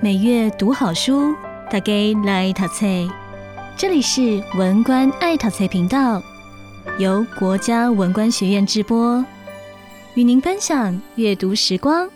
每月讀好書，大家來陶菜。這裡是文官愛他菜頻道，由國家文官學院直播，與您分享閱讀時光。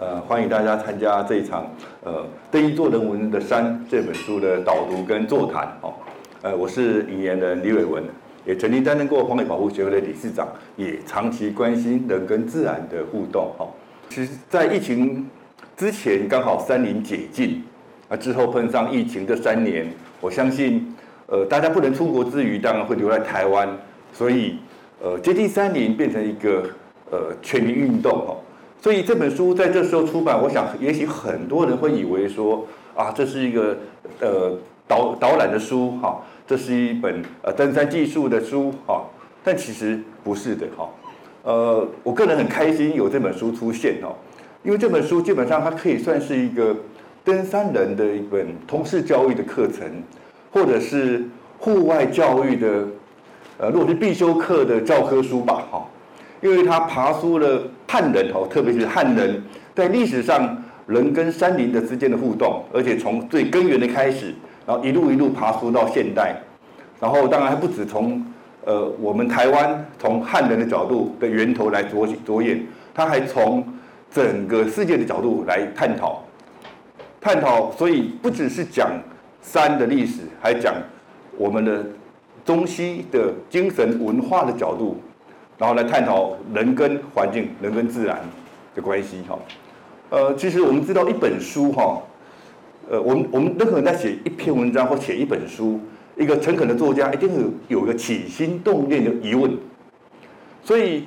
呃，歡迎大家參加這一場呃《登一座人文的山》這本書的導讀跟座談哦。呃，我是引言人李偉文。也曾經擔任過荒野保護協會的理事長，也長期關心人跟自然的互動。哈，其實，在疫情之前，剛好山林解禁，啊，之後碰上疫情這三年，我相信，呃，大家不能出國之餘，當然會留在台灣，所以，呃，接近山林變成一個呃全民運動。哈，所以這本書在這時候出版，我想，也許很多人會以為說，啊，這是一個呃導導覽的書。哈。這是一本呃登山技術的書哈，但其實不是的哈，呃，我個人很開心有這本書出現哈，因為這本書基本上它可以算是一個登山人的一本通識教育的課程，或者是戶外教育的，呃，如果是必修課的教科書吧哈，因為它爬出了漢人哈，特別是漢人在歷史上人跟山林的之間的互動，而且從最根源的開始。然後一路一路爬梳到現代，然後當然還不止從呃我們臺灣從漢人的角度的源頭來着着眼，他還從整個世界的角度來探討，探討，所以不只是講山的歷史，還講我們的中西的精神文化的角度，然後來探討人跟環境、人跟自然的關係哈。呃，其實我們知道一本書哈。哦呃，我們我們任何人在寫一篇文章或寫一本書，一個誠懇的作家一定有有一個起心動念的疑問，所以，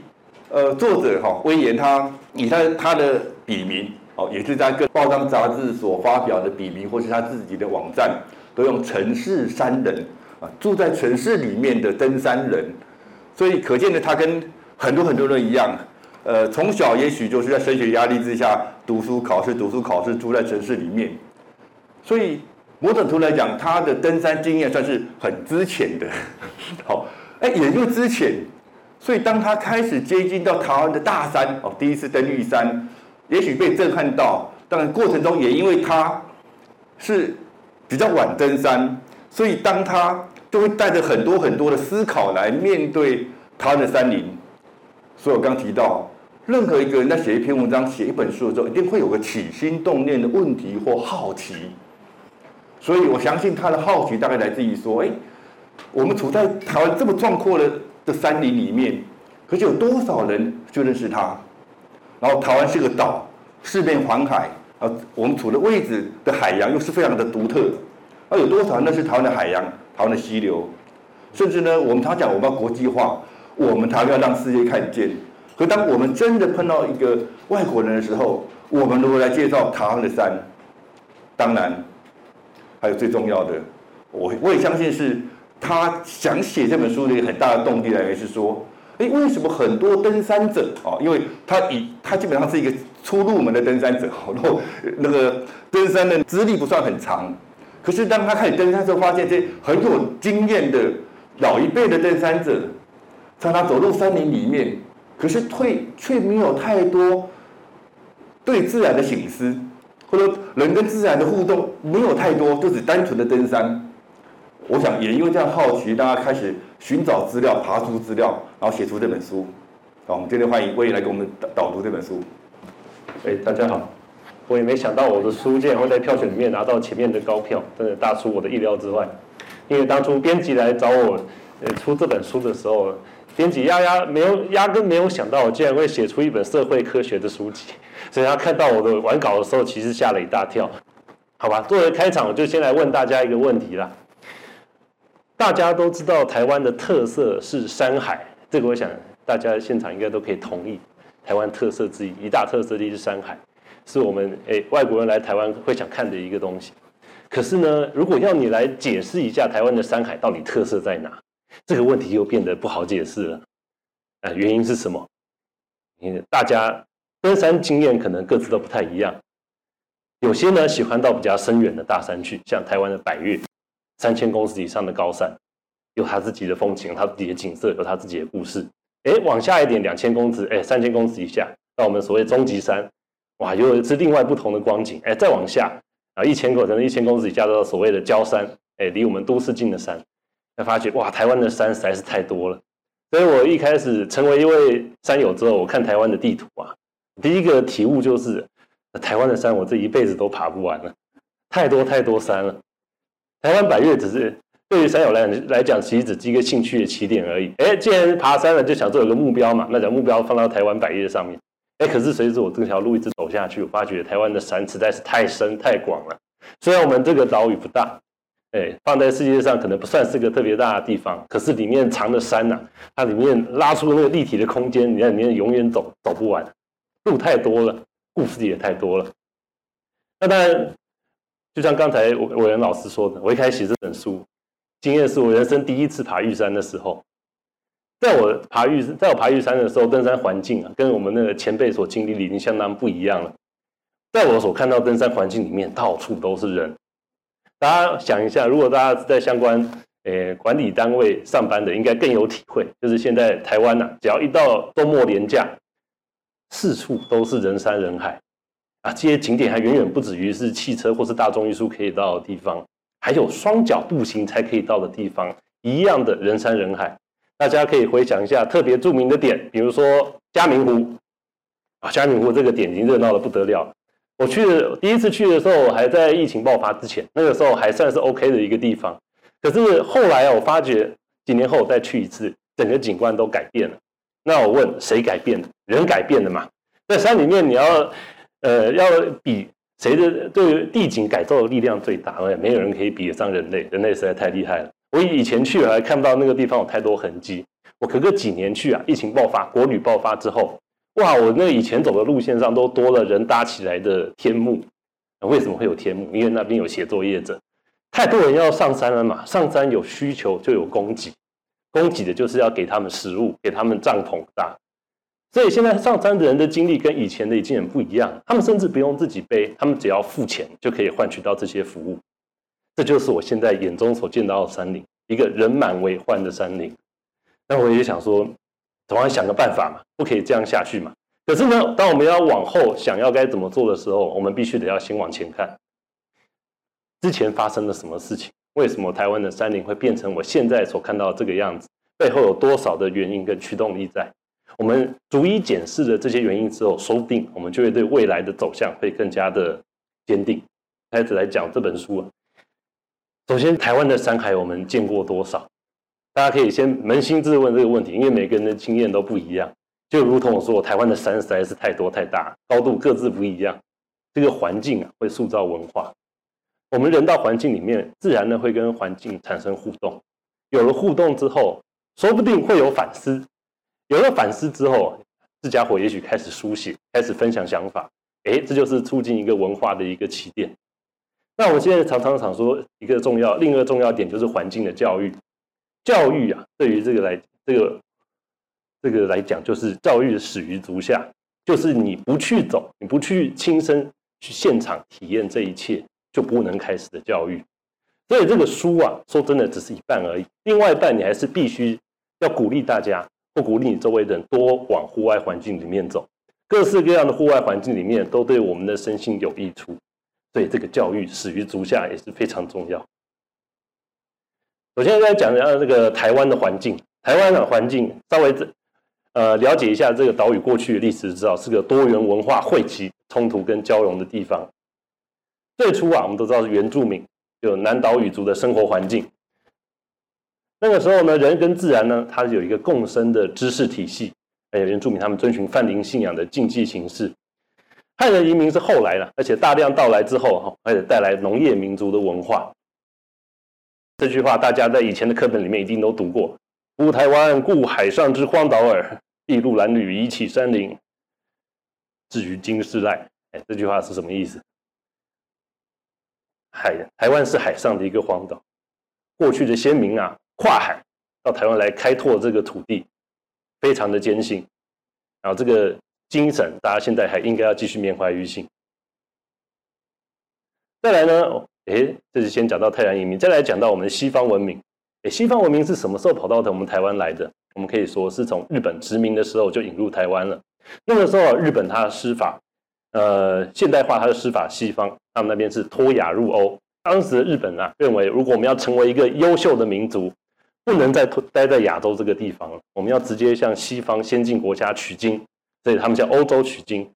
呃，作者董威言他以他他的筆名哦，也是在各報章雜誌所發表的筆名，或是他自己的網站，都用城市山人啊，住在城市裡面的登山人，所以可見的他跟很多很多人一樣，呃，從小也許就是在升學壓力之下讀書考試讀書考試住在城市裡面。所以某種程度來講，他的登山經驗算是很資淺的，好，哎，也就資淺，所以當他開始接近到台灣的大山，哦，第一次登玉山，也許被震撼到，當然過程中也因為他，是比較晚登山，所以當他就會帶着很多很多的思考來面對台灣的山林。所以我剛剛提到，任何一個人在寫一篇文章、寫一本書的時候，一定會有個起心動念的問題或好奇。所以，我相信他的好奇大概來自於說：“哎，我們處在台灣這麼壯闊的的山林裡面，可是有多少人就認識他？然後，台灣是個島，四面環海啊，我們處的位置的海洋又是非常的獨特。那有多少人認識台灣的海洋、台灣的溪流？甚至呢，我們他講我們要國際化，我們台灣要讓世界看見。可當我們真的碰到一個外國人的時候，我們如果來介紹台灣的山，當然。”還有最重要的，我我也相信是他想寫這本書的一個很大的動力來源是說，誒，為什麼很多登山者哦，因為他以他基本上是一個初入門的登山者好多，那個登山的資歷不算很長，可是當他開始登山時候，發現這些很有經驗的老一輩的登山者，常常走入山林裡面，可是卻卻沒有太多對自然的省思。或者人跟自然的互動沒有太多，就只單純的登山。我想也因為這樣好奇，大家開始尋找資料、爬出資料，然後寫出這本書。好，我們今天歡迎威言來給我們導讀這本書。哎，大家好，我也沒想到我的書竟然會在票選裡面拿到前面的高票，真的大出我的意料之外。因為當初編輯來找我，出這本書的時候，編輯壓壓沒有壓根沒有想到我竟然會寫出一本社會科學的書籍。所以，他看到我的完稿的時候，其實嚇了一大跳，好吧？作為開場，我就先來問大家一個問題啦。大家都知道，台灣的特色是山海，這個我想大家現場應該都可以同意。台灣特色之一，一大特色就是山海，是我們誒、欸、外國人來台灣會想看的一個東西。可是呢，如果要你來解釋一下台灣的山海到底特色在哪，這個問題又變得不好解釋了，啊。原因是什麼？因為大家。登山經驗可能各自都不太一樣，有些呢喜歡到比較深遠的大山去，像台灣的百岳，三千公尺以上的高山，有他自己的風情，他自己的景色，有他自己的故事。哎，往下一點，兩千公尺，哎，三千公尺以下，到我們所謂中級山，哇，又是另外不同的光景。哎，再往下啊，然後一千公尺，可能一千公尺以下到所謂的郊山，哎，離我們都市近的山，才發覺哇，台灣的山實在是太多了。所以我一開始成為一位山友之後，我看台灣的地圖啊。第一個體悟就是，台灣的山我這一輩子都爬不完了，太多太多山了。台灣百岳只是對於山友來講來講，其實只是一個興趣的起點而已。哎、欸，既然爬山了，就想做一個目標嘛。那講、個、目標放到台灣百岳上面。哎、欸，可是隨着我這條路一直走下去，我發覺台灣的山實在是太深太廣了。雖然我們這個島嶼不大，哎、欸，放在世界上可能不算是個特別大的地方，可是裡面藏的山吶、啊，它裡面拉出的那個立體的空間，你在裡面永遠走走不完。路太多了，故事也太多了。那當然，就像剛才偉文老師說的，我一開始寫這本書，經驗是我人生第一次爬玉山的時候。在我爬玉山，在我爬玉山的時候，登山環境啊，跟我們那個前輩所經歷的已經相當不一樣了。在我所看到登山環境裡面，到處都是人。大家想一下，如果大家在相關呃管理單位上班的，應該更有體會。就是現在台灣吶、啊，只要一到週末連假。四處都是人山人海，啊，這些景點還遠遠不止於是汽車或是大眾運輸可以到的地方，還有雙腳步行才可以到的地方，一樣的人山人海。大家可以回想一下特別著名的點，比如說嘉明湖。啊，嘉明湖這個點已經熱鬧得不得了。我去第一次去的時候，我還在疫情爆發之前，那個時候還算是 OK 的一個地方。可是後來啊，我發覺幾年後我再去一次，整個景觀都改變了。那我問誰改變的？人改變的嘛。那山裡面你要，呃，要比誰的對地景改造的力量最大？哎，沒有人可以比得上人類，人類實在太厲害了。我以前去還看不到那個地方有太多痕迹，我隔個幾年去啊，疫情爆發、國旅爆發之後，哇，我那以前走的路線上都多了人搭起來的天幕。為什麼會有天幕？因為那邊有協作業者，太多人要上山了嘛。上山有需求就有供給。供給的就是要給他們食物，給他們帳篷搭，所以現在上山的人的經歷跟以前的已經很不一樣。他們甚至不用自己背，他們只要付錢就可以換取到這些服務。這就是我現在眼中所見到的山林，一個人滿為患的山林。那我也想說，總要想個辦法嘛，不可以這樣下去嘛。可是呢，當我們要往後想要該怎麼做的時候，我們必須得要先往前看，之前發生了什麼事情。為什麼台灣的山林會變成我現在所看到的這個樣子？背後有多少的原因跟驅動力在？我們逐一檢視了這些原因之後，說不定我們就會對未來的走向會更加的堅定。開始來講這本書啊，首先台灣的山海我們見過多少？大家可以先捫心自問這個問題，因為每個人的經驗都不一樣。就如同我說，台灣的山實在是太多太大，高度各自不一樣。這個環境啊，會塑造文化。我們人到環境裡面，自然呢會跟環境產生互動。有了互動之後，說不定會有反思。有了反思之後，這家伙也許開始書寫，開始分享想法。哎，這就是促進一個文化的一個起點。那我們現在常常想說，一個重要，另一個重要點就是環境的教育。教育啊，對於這個來這個這個來講，就是教育始於足下，就是你不去走，你不去親身去現場體驗這一切，就不能開始的教育，所以這個書啊，說真的只是一半而已。另外一半，你還是必須要鼓勵大家，不鼓勵你周圍的人多往戶外環境裡面走。各式各樣的戶外環境裡面，都對我們的身心有益處。所以這個教育，始於足下也是非常重要。首先來講一下這個台灣的環境。台灣的環境，稍微呃了解一下這個島嶼過去的歷史，知道是個多元文化匯集、衝突跟交融的地方。最初啊，我們都知道是原住民，有南島語族的生活環境。那個時候呢，人跟自然呢，它有一個共生的知識體系。還有原住民，他們遵循泛靈信仰的禁忌形式。漢人移民是後來的，而且大量到來之後哈，而且帶來農業民族的文化。這句話大家在以前的課本裡面一定都讀過：“夫臺灣，固海上之荒島耳；篳路藍縷，以啟山林。”至於今是賴，哎，這句話是什麼意思？海台灣是海上的一個荒島，過去的先民啊，跨海到台灣來開拓這個土地，非常的艱辛，然後這個精神，大家現在還應該要繼續緬懷於心。再來呢，哎，這是先講到太陽移民，再來講到我們西方文明。哎，西方文明是什麼時候跑到的我們台灣來的？我們可以說是從日本殖民的時候就引入台灣了。那個時候啊，日本它的司法。呃，現代化，它是師法西方，他們那邊是脫亞入歐。當時的日本啊，認為如果我們要成為一個優秀的民族，不能再脫待在亞洲這個地方，我們要直接向西方先進國家取經，所以他們叫歐洲取經。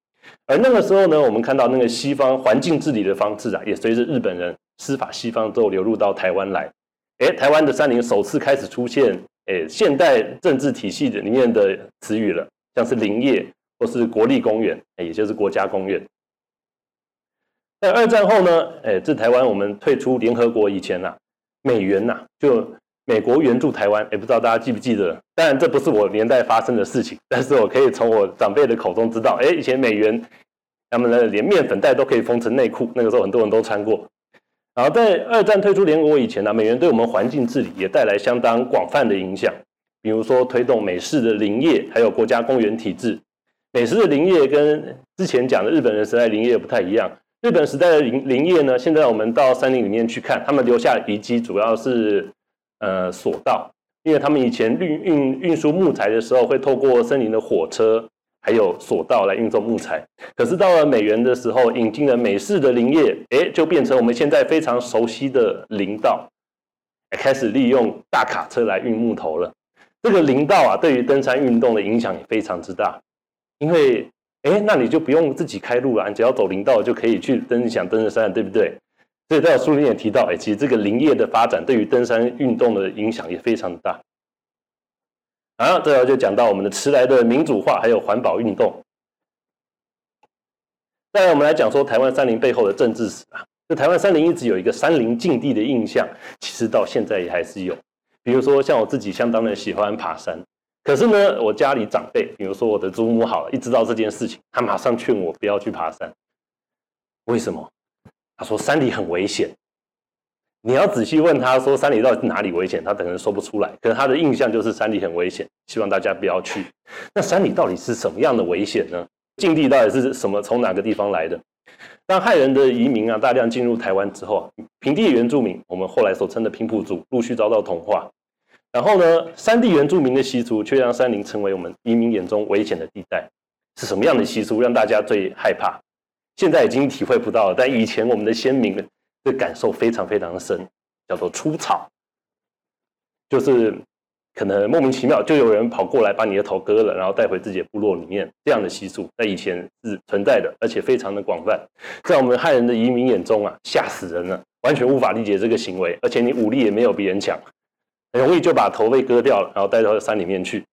而那個時候呢，我們看到那個西方環境治理的方式啊，也隨着日本人師法西方都流入到台灣來。哎、欸，台灣的山林首次開始出現，哎、欸，現代政治體系裡面的詞語了，像是林業。都是國立公園，也就是國家公園。在二戰後呢，哎、欸，自台灣我們退出聯合國以前吶、啊，美元吶、啊，就美國援助台灣，也、欸、不知道大家記不記得。當然，這不是我年代發生的事情，但是我可以從我長輩的口中知道。誒、欸，以前美元，他們的連面粉袋都可以縫成內褲，那個時候很多人都穿過。然後在二戰退出聯合國以前呢、啊，美元對我們環境治理也帶來相當廣泛的影響，比如說推動美式的林業，還有國家公園體制。美式的林業跟之前講的日本人時代林業不太一樣。日本時代的林林業呢，現在我們到森林裡面去看，他們留下的遺跡主要是呃索道，因為他們以前運運運輸木材的時候，會透過森林的火車還有索道來運送木材。可是到了美援的時候，引進了美式的林業，哎，就變成我們現在非常熟悉的林道，開始利用大卡車來運木頭了。這個林道啊，對於登山運動的影響也非常之大。因為，哎，那你就不用自己開路了，你只要走林道就可以去登你想登的山，對不對？所以，到書裡面也提到，哎，其實這個林業的發展對於登山運動的影響也非常大。啊，這就講到我們的遲來的民主化，還有環保運動。再來，我們來講說臺灣山林背後的政治史啊。就臺灣山林一直有一個山林禁地的印象，其實到現在也還是有。比如說，像我自己相當的喜歡爬山。可是呢，我家裡長輩，比如說我的祖母，好了，一知道這件事情，他馬上勸我不要去爬山。為什麼？他說山裡很危險。你要仔細問他說山裡到底哪裡危險，他可能說不出來。可是他的印象就是山裡很危險，希望大家不要去。那山裡到底是什麼樣的危險呢？禁地到底是什麼？從哪個地方來的？當漢人的移民啊大量進入台灣之後啊，平地原住民，我們後來所稱的平埔族，陸續遭到同化。然後呢，山地原住民的習俗卻讓山林成為我們移民眼中危險的地帶。是什麼樣的習俗讓大家最害怕？現在已經體會不到了，但以前我們的先民的感受非常非常深，叫做“出草”，就是可能莫名其妙就有人跑過來把你的頭割了，然後帶回自己的部落裡面。這樣的習俗在以前是存在的，而且非常的廣泛。在我們漢人的移民眼中啊，嚇死人了，完全無法理解這個行為，而且你武力也沒有別人強。很容易就把頭被割掉了，然後帶到山裡面去。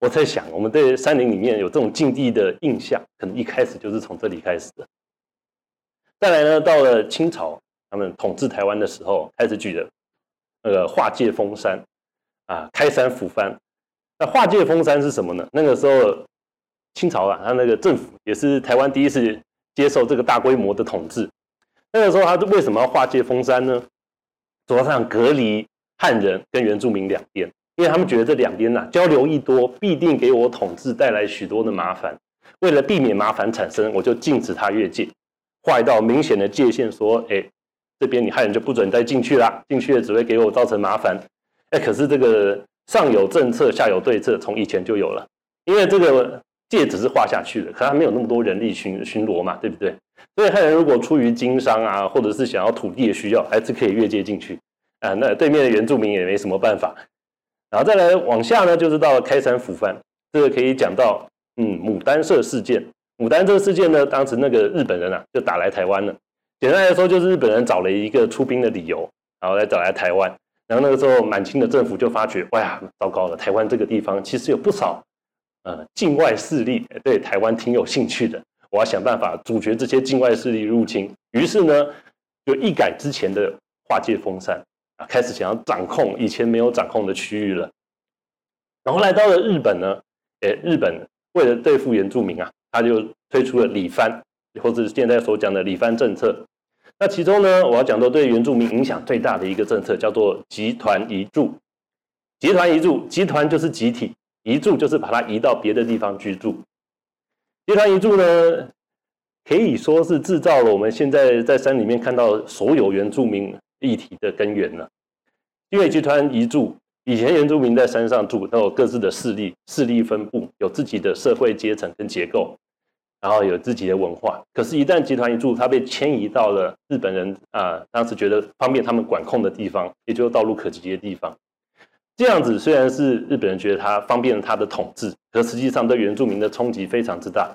我在想，我們對山林裡面有這種禁地的印象，可能一開始就是從這裡開始的。再來呢，到了清朝，他們統治台灣的時候，開始舉的，那個劃界封山，啊，開山撫番。那劃界封山是什麼呢？那個時候，清朝啊，他那個政府也是台灣第一次接受這個大規模的統治。那個時候，他為什麼要劃界封山呢？主要是想隔離。漢人跟原住民兩邊，因為他們覺得這兩邊吶、啊、交流一多，必定給我統治帶來許多的麻煩。為了避免麻煩產生，我就禁止他越界，畫一道明顯的界限，說：哎，這邊你漢人就不准再進去了，進去了只會給我造成麻煩。哎，可是這個上有政策，下有對策，從以前就有了。因為這個界只是畫下去的，可他沒有那麼多人力巡巡邏嘛，對不對？所以漢人如果出於經商啊，或者是想要土地的需要，還是可以越界進去。啊，那對面的原住民也沒什麼辦法，然後再來往下呢，就是到了開山撫番，這個可以講到，嗯，牡丹社事件。牡丹這個事件呢，當時那個日本人啊，就打來台灣了。簡單來說，就是日本人找了一個出兵的理由，然後來找來台灣。然後那個時候，滿清的政府就發覺，哇，糟糕了！台灣這個地方其實有不少，呃，境外勢力對台灣挺有興趣的，我要想辦法阻絕這些境外勢力入侵。於是呢，就一改之前的劃界封山。開始想要掌控以前沒有掌控的區域了，然後來到了日本呢，誒、欸，日本為了對付原住民啊，他就推出了理番，或者是現在所講的理番政策。那其中呢，我要講到對原住民影響最大的一個政策，叫做集團移住。集團移住，集團就是集體，移住就是把它移到別的地方居住。集團移住呢，可以說是製造了我們現在在山裡面看到所有原住民，立體的根源了。因為集團移住，以前原住民在山上住，都有各自的勢力，勢力分佈，有自己的社會階層跟結構，然後有自己的文化。可是，一旦集團移住，它被遷移到了日本人啊、呃，當時覺得方便他們管控的地方，也就是道路可及的地方。這樣子雖然是日本人覺得它方便了他的統治，可實際上對原住民的衝擊非常之大。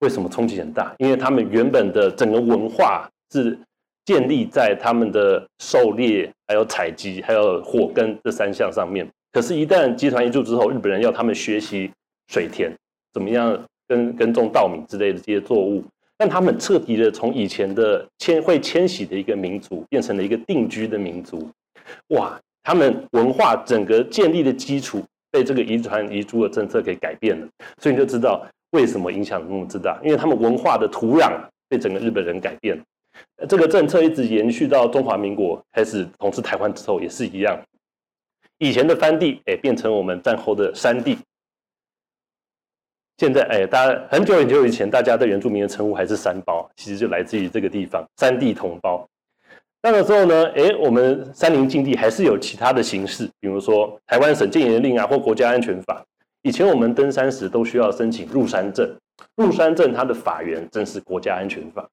為什麼衝擊很大？因為他們原本的整個文化是，建立在他們的狩獵、還有採集、還有火耕這三項上面。可是，一旦集團移住之後，日本人要他們學習水田，怎麼樣跟耕種稻米之類的這些作物，讓他們徹底的從以前的遷會遷徙的一個民族，變成了一個定居的民族。哇，他們文化整個建立的基礎被這個集團移住的政策給改變了。所以你就知道為什麼影響那麼之大，因為他們文化的土壤被整個日本人改變了。這個政策一直延續到中華民國開始統治台灣之後也是一樣。以前的番地，哎，變成我們戰後的山地。現在，哎，大家很久很久以前，大家對原住民的稱呼還是“山胞”，其實就來自於這個地方“山地同胞”。那個時候呢，哎，我們山林禁地還是有其他的形式，比如說台灣省禁煙令啊，或國家安全法。以前我們登山時都需要申請入山證，入山證它的法源正是國家安全法。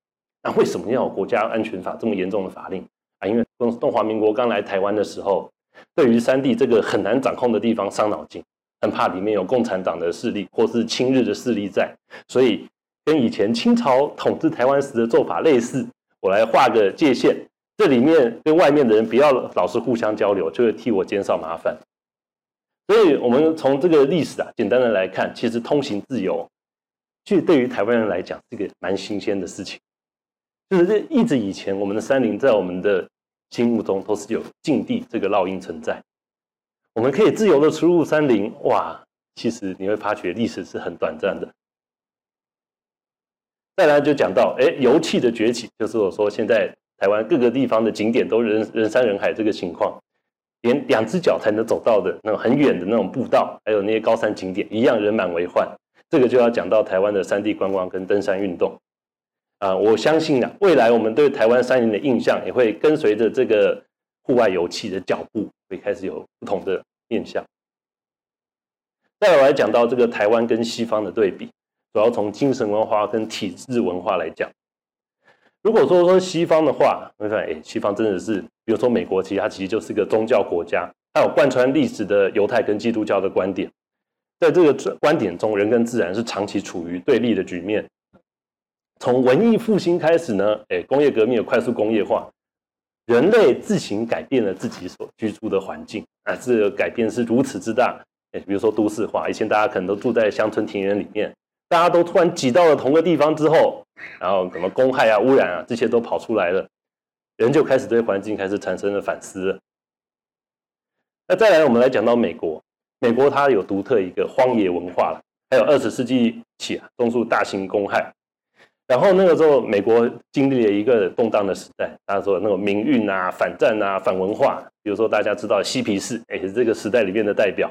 啊、為什麼要有國家安全法這麼嚴重的法令啊？因為中中華民國剛來台灣的時候，對於山地這個很難掌控的地方傷腦筋，很怕裡面有共產黨的勢力或是親日的勢力在，所以跟以前清朝統治台灣時的做法類似，我來畫個界限，這裡面跟外面的人不要老是互相交流，就會替我減少麻煩。所以，我們從這個歷史啊，簡單的來看，其實通行自由，其實對於台灣人來講，是、這個蠻新鮮的事情。就是這一直以前，我們的山林在我們的心目中都是有禁地這個烙印存在。我們可以自由的出入山林，哇，其實你會發覺歷史是很短暫的。再來就講到，哎，遊憩的崛起，就是我說現在台灣各個地方的景點都人人山人海這個情況，連兩隻腳才能走到的那種很遠的那種步道，還有那些高山景點一樣人滿為患。這個就要講到台灣的山地觀光跟登山運動。啊、呃，我相信啊，未來我們對台灣山林的印象也會跟隨着這個戶外遊憩的腳步，會開始有不同的印象。再來，來講到這個台灣跟西方的對比，主要從精神文化跟體制文化來講。如果說說西方的話，我們發現西方真的是，比如說美國，其實它其實就是個宗教國家，它有貫穿歷史的猶太跟基督教的觀點，在這個觀點中，人跟自然是長期處於對立的局面。從文藝復興開始呢，工業革命有快速工業化，人類自行改變了自己所居住的環境啊，這個改變是如此之大，比如說都市化，以前大家可能都住在鄉村田園裡面，大家都突然擠到了同個地方之後，然後什麼公害啊、污染啊，這些都跑出來了，人就開始對環境開始產生了反思了。那再來，我們來講到美國，美國它有獨特一個荒野文化了，還有二十世紀起啊，種種大型公害。然後那個時候，美國經歷了一個動盪的時代，大家說那個民運啊、反戰啊、反文化，比如說大家知道嬉皮士也、哎、是這個時代裡面的代表。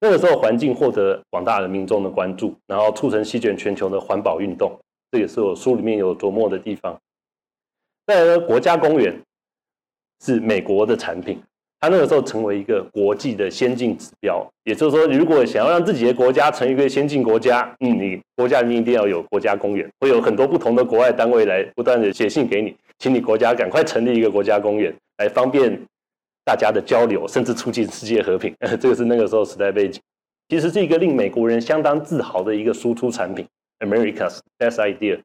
那個時候，環境獲得廣大的民眾的關注，然後促成席捲全球的環保運動，這也是我書裡面有着墨的地方。再來呢，國家公園是美國的產品。它那個時候成為一個國際的先進指標，也就是說，如果想要讓自己的國家成為一個先進國家，嗯，你國家一定一定要有國家公園，會有很多不同的國外單位來不斷的寫信給你，請你國家趕快成立一個國家公園，來方便大家的交流，甚至促進世界和平。這個是那個時候時代背景，其實是一個令美國人相當自豪的一個輸出產品，America's best idea。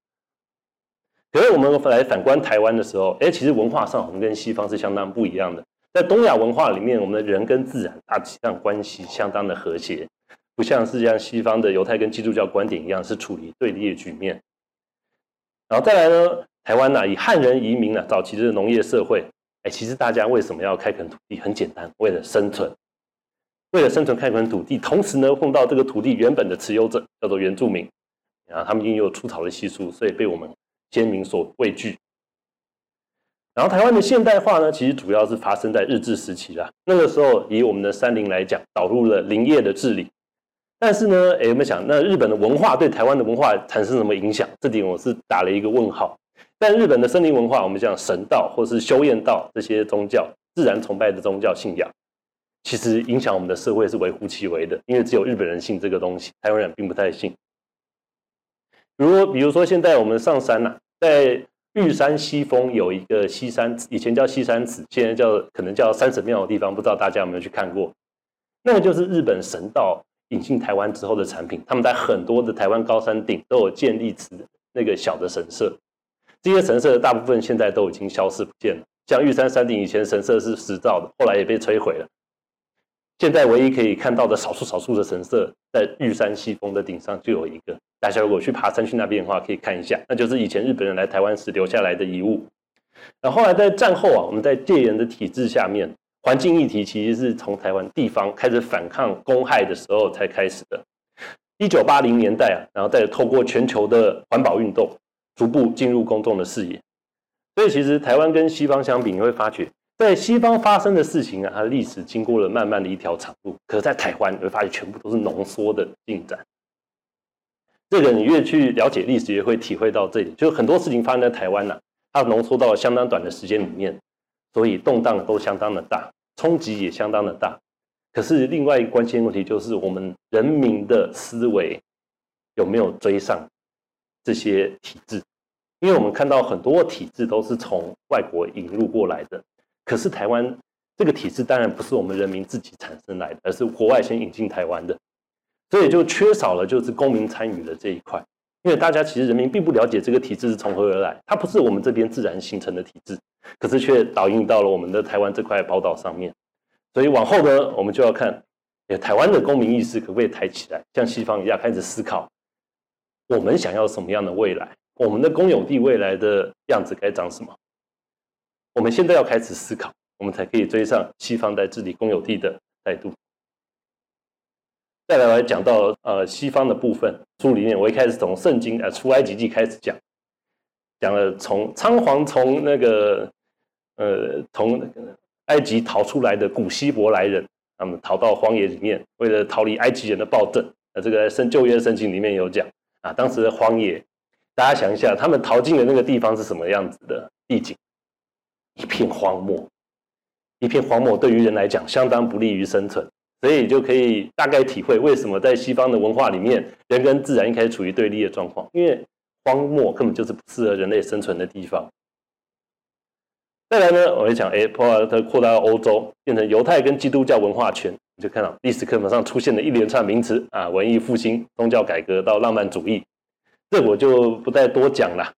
可是我們來反觀台灣的時候，哎，其實文化上我們跟西方是相當不一樣的，在東亞文化裡面，我們的人跟自然，大體上關係相當的和諧，不像是像西方的猶太跟基督教觀點一樣，是處於對立的局面。然後再來呢，台灣呢、啊，以漢人移民呢、啊，早期的農業社會，哎、欸，其實大家為什麼要開墾土地？很簡單，為了生存，為了生存開墾土地，同時呢，碰到這個土地原本的持有者叫做原住民，啊，他們擁有出草的習俗，所以被我們先民所畏懼。然後台灣的現代化呢，其實主要是發生在日治時期了。那個時候，以我們的山林來講，導入了林業的治理。但是呢，我們想那日本的文化對台灣的文化產生什麼影響？這點我是打了一個問號。但日本的森林文化，我們講神道或是修驗道這些宗教、自然崇拜的宗教信仰，其實影響我們的社會是微乎其微的，因為只有日本人信這個東西，台灣人並不太信。如果比如說現在我們上山吶、啊，在玉山西峰有一個西山，以前叫西山寺，現在叫可能叫山神廟的地方，不知道大家有沒有去看過。那個就是日本神道引進台灣之後的產品，他們在很多的台灣高山頂都有建立起那個小的神社。這些神社大部分現在都已經消失不見了，像玉山山頂以前神社是石造的，後來也被摧毀了。現在唯一可以看到的少數少數的神社，在玉山西峰的頂上就有一個。大家如果去爬山去那邊的話，可以看一下，那就是以前日本人來台灣時留下來的遺物。然後後來在戰後啊，我們在戒嚴的體制下面，環境議題其實是從台灣地方開始反抗公害的時候才開始的。一九八零年代啊，然後再透過全球的環保運動，逐步進入公眾的視野。所以其實台灣跟西方相比，你會發覺在西方發生的事情啊，它歷史經過了漫漫的一條長路，可是在台灣你會發現全部都是濃縮的進展。這個你越去了解歷史，越會體會到這點，就是很多事情發生在台灣吶、啊，它濃縮到了相當短的時間裡面，所以動盪都相當的大，衝擊也相當的大。可是另外一個關鍵問題就是我們人民的思維有沒有追上這些體制？因為我們看到很多體制都是從外國引入過來的，可是台灣這個體制當然不是我們人民自己產生來的，而是國外先引進台灣的。所以就缺少了就是公民參與的這一塊，因為大家其實人民並不了解這個體制是從何而來，它不是我們這邊自然形成的體制，可是卻倒映到了我們的台灣這塊寶島上面。所以往後呢，我們就要看欸，台灣的公民意識可不可以抬起來，像西方一樣開始思考我們想要什麼樣的未來，我們的公有地未來的樣子該長什麼。我們現在要開始思考，我們才可以追上西方在治理公有地的態度。再來我講到呃西方的部分書裡面，我一開始從聖經呃出埃及記開始講，講了從倉皇從那個呃從埃及逃出來的古希伯來人，他們逃到荒野裡面，為了逃離埃及人的暴政。呃，這個聖舊約聖經裡面有講啊，當時的荒野，大家想一下，他們逃進的那個地方是什麼樣子的？地景，一片荒漠，一片荒漠對於人來講相當不利於生存。所以就可以大概體會為什麼在西方的文化裡面，人跟自然一開始處於對立的狀況，因為荒漠根本就是不適合人類生存的地方。再來呢，我會講，哎、欸，普爾特擴大到歐洲，變成猶太跟基督教文化圈，你就看到歷史課本上出現的一連串名詞啊，文藝復興、宗教改革到浪漫主義，這我就不再多講了。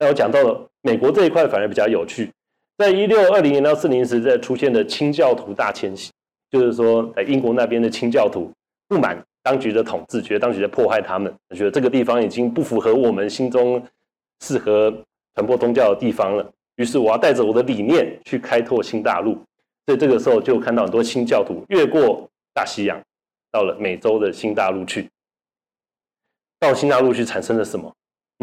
那我講到了美國這一塊反而比較有趣，在一六二零年到四零年時在出現的清教徒大遷徙。就是說，在英國那邊的清教徒不滿當局的統治，覺得當局在迫害他們，覺得這個地方已經不符合我們心中適合傳播宗教的地方了。於是，我要帶着我的理念去開拓新大陸。所以，這個時候就看到很多新教徒越過大西洋，到了美洲的新大陸去。到新大陸去產生了什麼？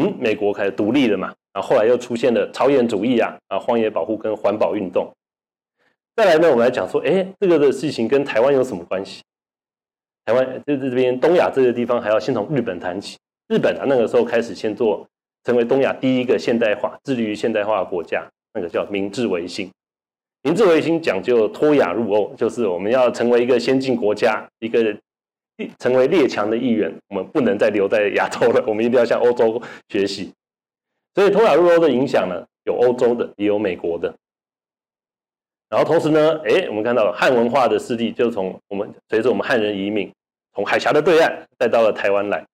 嗯，美國開始獨立了嘛。然後後來又出現了超驗主義啊，啊，荒野保護跟環保運動。再來呢，我們來講說，哎、欸，這個的事情跟台灣有什麼關係？台灣就是、這邊東亞這個地方，還要先從日本談起。日本啊，那個時候開始先做，成為東亞第一個現代化、致力於現代化的國家，那個叫明治維新。明治維新講究脫亞入歐，就是我們要成為一個先進國家，一個成為列強的一員，我們不能再留在亞洲了，我們一定要向歐洲學習。所以脫亞入歐的影響呢，有歐洲的，也有美國的。然後同時呢，哎，我們看到漢文化的勢力就從我們隨着我們漢人移民從海峽的對岸帶到了台灣來。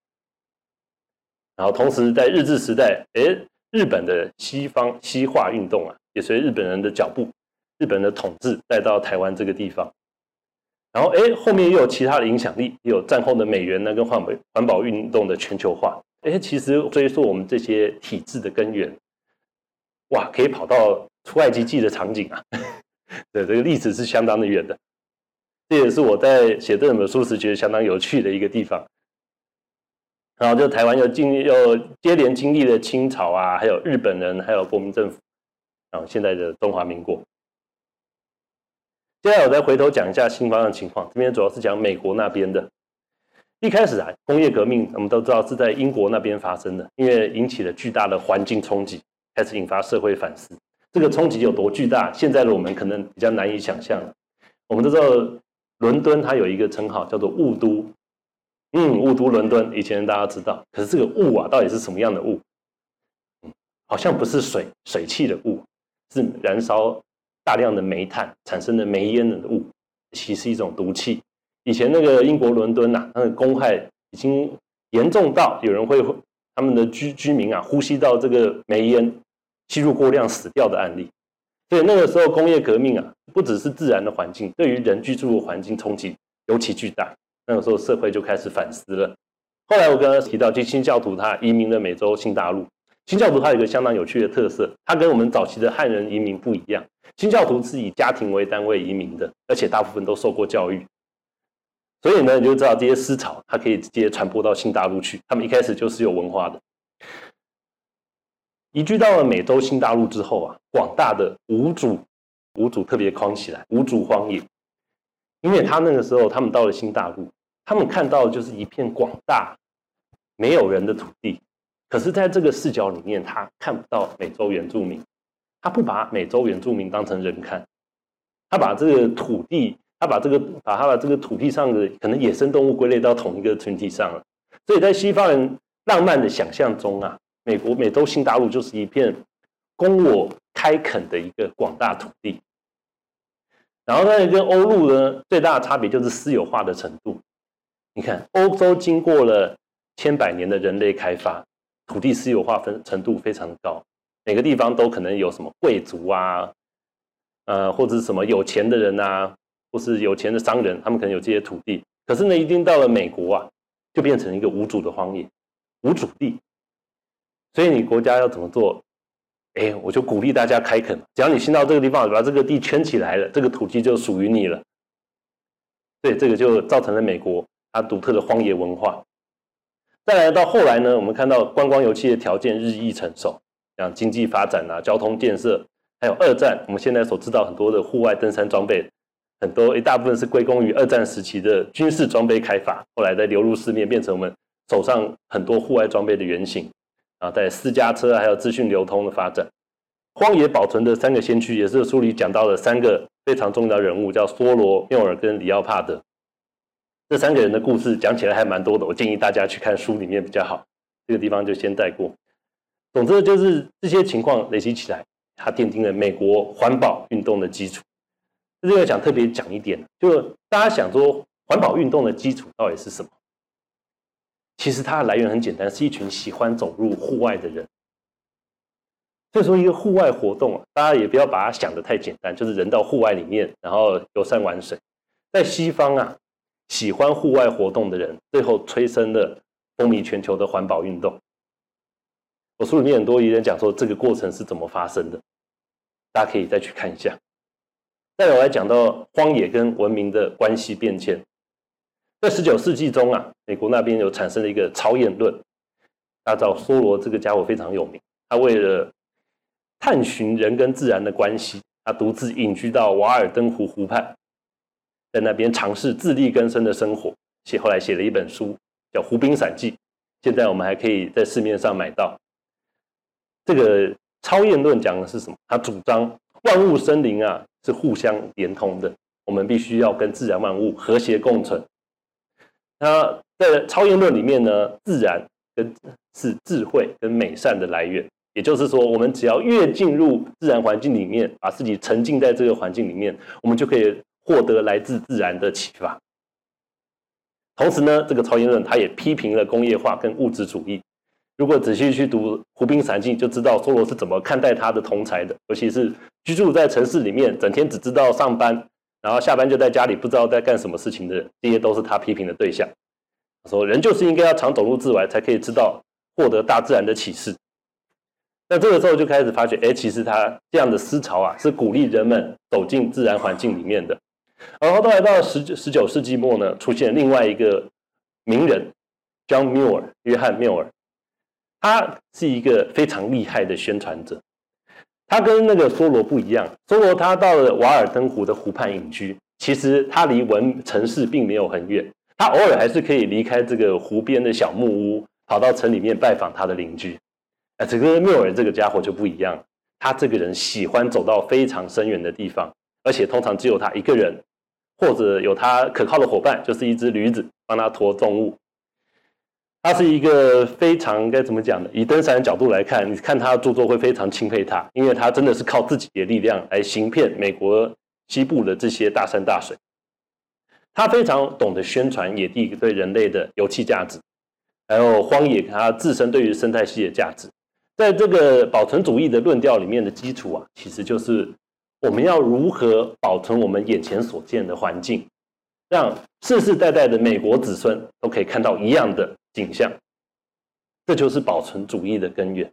然後同時在日治時代，哎，日本的西方西化運動啊，也隨日本人的腳步，日本的統治帶到台灣這個地方。然後哎，後面又有其他的影響力，有戰後的美元呢，跟環保環保運動的全球化。哎，其實追溯我們這些體制的根源，哇，可以跑到出埃及記的場景啊！對，這個歷史是相當的遠的，這也是我在寫這本書時覺得相當有趣的一個地方。然後就台灣又經歷、接連經歷了清朝啊，還有日本人，還有國民政府，然後現在的中華民國。接下來我再回頭講一下西方的情況，這邊主要是講美國那邊的。一開始啊，工業革命我們都知道是在英國那邊發生的，因為引起了巨大的環境衝擊，開始引發社會反思。這個衝擊有多巨大？現在的我們可能比較難以想象的。我們都知道倫敦它有一個稱號叫做霧都，嗯，霧都倫敦。以前大家知道，可是這個霧啊，到底是什麼樣的霧？好像不是水水汽的霧，是燃燒大量的煤炭產生的煤煙的霧，其實是一種毒氣。以前那個英國倫敦吶、啊，它的公害已經嚴重到有人會他們的居居民啊，呼吸到這個煤煙吸入過量死掉的案例，所以那個時候工業革命啊，不只是自然的環境對於人居住的環境衝擊尤其巨大。那個時候社會就開始反思了。後來我跟他提到，就新教徒他移民了美洲新大陸，新教徒他有一個相當有趣的特色，他跟我們早期的漢人移民不一樣，新教徒是以家庭為單位移民的，而且大部分都受過教育。所以呢，你就知道這些思潮，他可以直接傳播到新大陸去。他們一開始就是有文化的。移居到了美洲新大陸之後啊，廣大的無主，無主特別框起來，無主荒野。因為他那個時候他們到了新大陸，他們看到的就是一片廣大沒有人的土地，可是在這個視角裡面，他看不到美洲原住民，他不把美洲原住民當成人看，他把這個土地，他把這個把他把這個土地上的可能野生動物歸類到同一個群體上了。所以在西方人浪漫的想象中啊。美國美洲新大陸就是一片供我開墾的一個廣大土地，然後呢，跟歐陸呢最大的差別就是私有化的程度。你看，歐洲經過了千百年的人類開發，土地私有化分程度非常高，每個地方都可能有什麼貴族啊，呃，或者是什麼有錢的人啊，或是有錢的商人，他們可能有這些土地。可是呢，一定到了美國啊，就變成一個無主的荒野，無主地。所以你國家要怎麼做？哎，我就鼓勵大家開墾，只要你先到這個地方，把這個地圈起來了，這個土地就屬於你了。對，這個就造成了美國它獨特的荒野文化。再來到後來呢，我們看到觀光遊憩的條件日益成熟，像經濟發展啊、交通建設，還有二戰，我們現在所知道很多的戶外登山裝備，很多一大部分是歸功於二戰時期的軍事裝備開發，後來再流入市面，變成我們手上很多戶外裝備的原型。啊，在私家車還有資訊流通的發展，荒野保存的三個先驅，也是書裡講到的三個非常重要人物，叫梭羅、繆爾跟裡奧帕德。這三個人的故事講起來還蠻多的，我建議大家去看書裡面比較好。這個地方就先帶過。總之就是這些情況累積起來，它奠定了美國環保運動的基礎。這個想特別講一點，就大家想說環保運動的基礎到底是什麼？其實它的來源很簡單，是一群喜歡走入戶外的人。所以說，一個戶外活動啊，大家也不要把它想得太簡單，就是人到戶外裡面，然後遊山玩水。在西方啊，喜歡戶外活動的人，最後催生了風靡全球的環保運動。我書裡面很多疑點講說這個過程是怎麼發生的，大家可以再去看一下。再來講到荒野跟文明的關係變遷。在十九世紀中啊，美國那邊有產生了一個超驗論。他叫梭羅這個家伙非常有名。他為了探尋人跟自然的關係，他獨自隱居到瓦爾登湖湖畔，在那邊嘗試自力更生的生活，寫後來寫了一本書叫《湖濱散記》，現在我們還可以在市面上買到。這個超驗論講的是什麼？他主張萬物生靈啊是互相連通的，我們必須要跟自然萬物和諧共存。那在超驗論裡面呢，自然跟是智慧跟美善的來源，也就是說，我們只要越進入自然環境裡面，把自己沉浸在這個環境裡面，我們就可以獲得來自自然的啟發。同時呢，這個超驗論他也批評了工業化跟物質主義。如果仔細去讀《湖濱散記》，就知道梭羅是怎麼看待他的同儕的，尤其是居住在城市裡面，整天只知道上班。然後下班就在家裡，不知道在幹什麼事情的，這些都是他批評的對象。說人就是應該要常走路自然，才可以知道獲得大自然的啟示。那這個時候就開始發覺，哎，其實他這樣的思潮啊，是鼓勵人們走進自然環境裡面的。然後後來到了十九十九世紀末呢，出現另外一個名人 John Muir 約翰繆爾，他是一個非常厲害的宣傳者。他跟那個梭羅不一樣，梭羅他到了瓦爾登湖的湖畔隱居，其實他離文城市並沒有很遠，他偶爾還是可以離開這個湖邊的小木屋，跑到城裡面拜訪他的鄰居。哎，這個繆爾這個家伙就不一樣，他這個人喜歡走到非常深遠的地方，而且通常只有他一個人，或者有他可靠的夥伴，就是一只驢子幫他馱重物。他是一個非常該怎麼講的？以登山的角度來看，你看他的著作會非常欽佩他，因為他真的是靠自己的力量來行遍美國西部的這些大山大水。他非常懂得宣傳野地對人類的遊憩價值，還有荒野他自身對於生態系的價值。在這個保存主義的論調裡面的基礎啊，其實就是我們要如何保存我們眼前所見的環境，讓世世代代的美國子孫都可以看到一樣的景象，這就是保存主義的根源。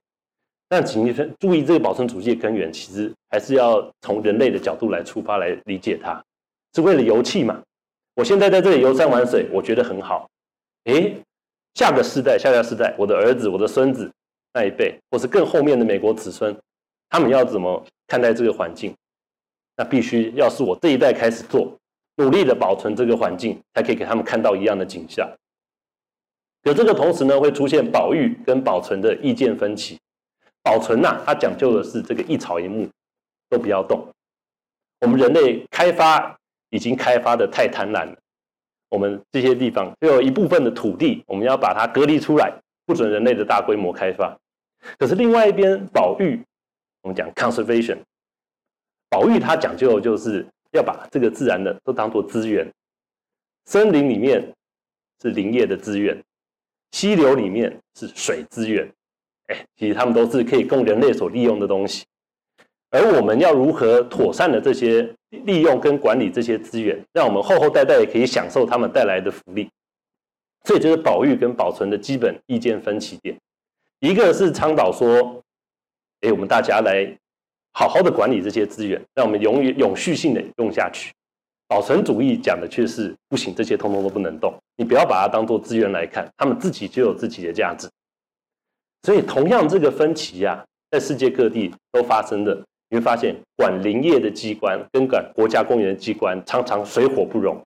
但請你注意，這個保存主義的根源其實還是要從人類的角度來出發來理解它，是為了遊憩嘛？我現在在這裡游山玩水，我覺得很好。誒，下個世代、下下世代，我的兒子、我的孫子那一輩，或是更後面的美國子孫，他們要怎麼看待這個環境？那必須要是我這一代開始做，努力的保存這個環境，才可以給他們看到一樣的景象。有這個同時呢，會出現保育跟保存的意見分歧。保存吶、啊，它講究的是這個一草一木都不要動。我們人類開發已經開發的太貪婪了，我們這些地方就有一部分的土地，我們要把它隔離出來，不准人類的大規模開發。可是另外一邊保育，我們講 conservation，保育它講究的就是要把這個自然的都當作資源。森林裡面是林業的資源，溪流裡面是水資源，哎、欸，其實它們都是可以供人類所利用的東西。而我們要如何妥善的這些利用跟管理這些資源，讓我們後後代代也可以享受它們帶來的福利，這也就是保育跟保存的基本意見分歧點。一個是倡導說，哎、欸，我們大家來好好的管理這些資源，讓我們永遠永續性的用下去。保存主義講的卻是不行，這些通通都不能動。你不要把它當做資源來看，他們自己就有自己的價值。所以，同樣這個分歧呀、啊，在世界各地都發生的。你會發現，管林業的機關跟管國家公園的機關常常水火不容，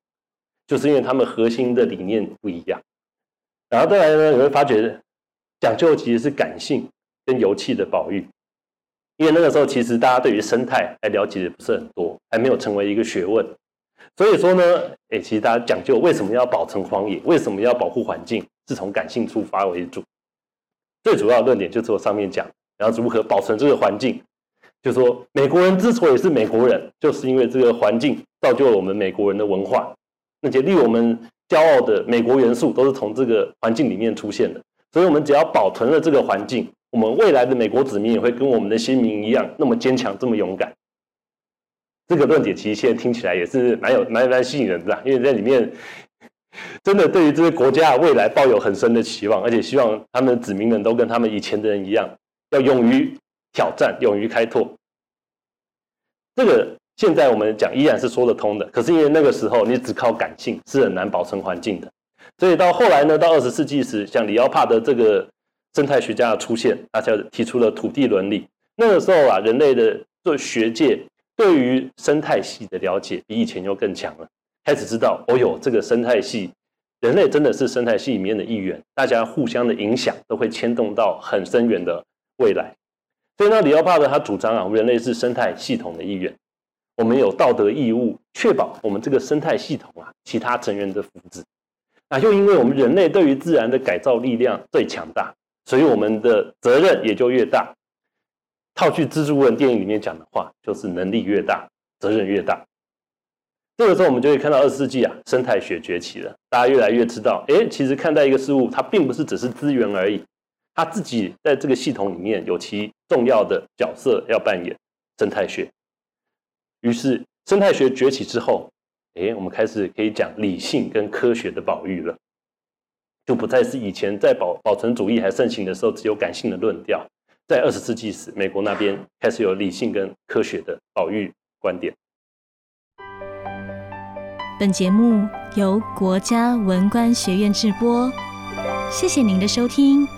就是因為他們核心的理念不一樣。然後再來呢，你會發覺講究其實是感性跟遊憩的保育，因為那個時候其實大家對於生態還了解的不是很多，還沒有成為一個學問。所以說呢，哎、欸，其實大家講究為什麼要保存荒野，為什麼要保護環境，是從感性出發為主。最主要的論點就是我上面講，然後如何保存這個環境，就是說美國人之所以是美國人，就是因為這個環境造就了我們美國人的文化，那些令我們驕傲的美國元素都是從這個環境裡面出現的。所以我們只要保存了這個環境，我們未來的美國子民也會跟我們的先民一樣那麼堅強，這麼勇敢。這個論點其實現在聽起來也是蠻有、蠻有蠻有蠻吸引人的，因為在裡面真的對於這個國家未來抱有很深的期望，而且希望他們的子民們都跟他們以前的人一樣，要勇於挑戰、勇於開拓。這個現在我們講依然是說得通的，可是因為那個時候你只靠感性是很難保存環境的，所以到後來呢，到二十世紀時，像李奧帕德這個生態學家的出現，他就提出了土地倫理。那個時候啊，人類的做學界。對於生態系的了解比以前就更強了，開始知道哦喲，這個生態系，人類真的是生態系裡面的一員，大家互相的影響都會牽動到很深遠的未來。所以呢，李奧帕德他主張啊，我們人類是生態系統的一員，我們有道德義務確保我們這個生態系統啊其他成員的福祉。那又因為我們人類對於自然的改造力量最強大，所以我們的責任也就越大。套句蜘蛛人電影裡面講的話，就是能力越大，責任越大。這個時候，我們就會看到二十世紀啊，生態學崛起了。大家越來越知道，誒、欸，其實看待一個事物，它並不是只是資源而已，它自己在這個系統裡面有其重要的角色要扮演。生態學，於是生態學崛起之後，誒、欸，我們開始可以講理性跟科學的保育了，就不再是以前在保保存主義還盛行的時候，只有感性的論調。在二十世紀時，美國那邊開始有理性跟科學的保育觀點。本節目由國家文官學院製播，謝謝您的收聽。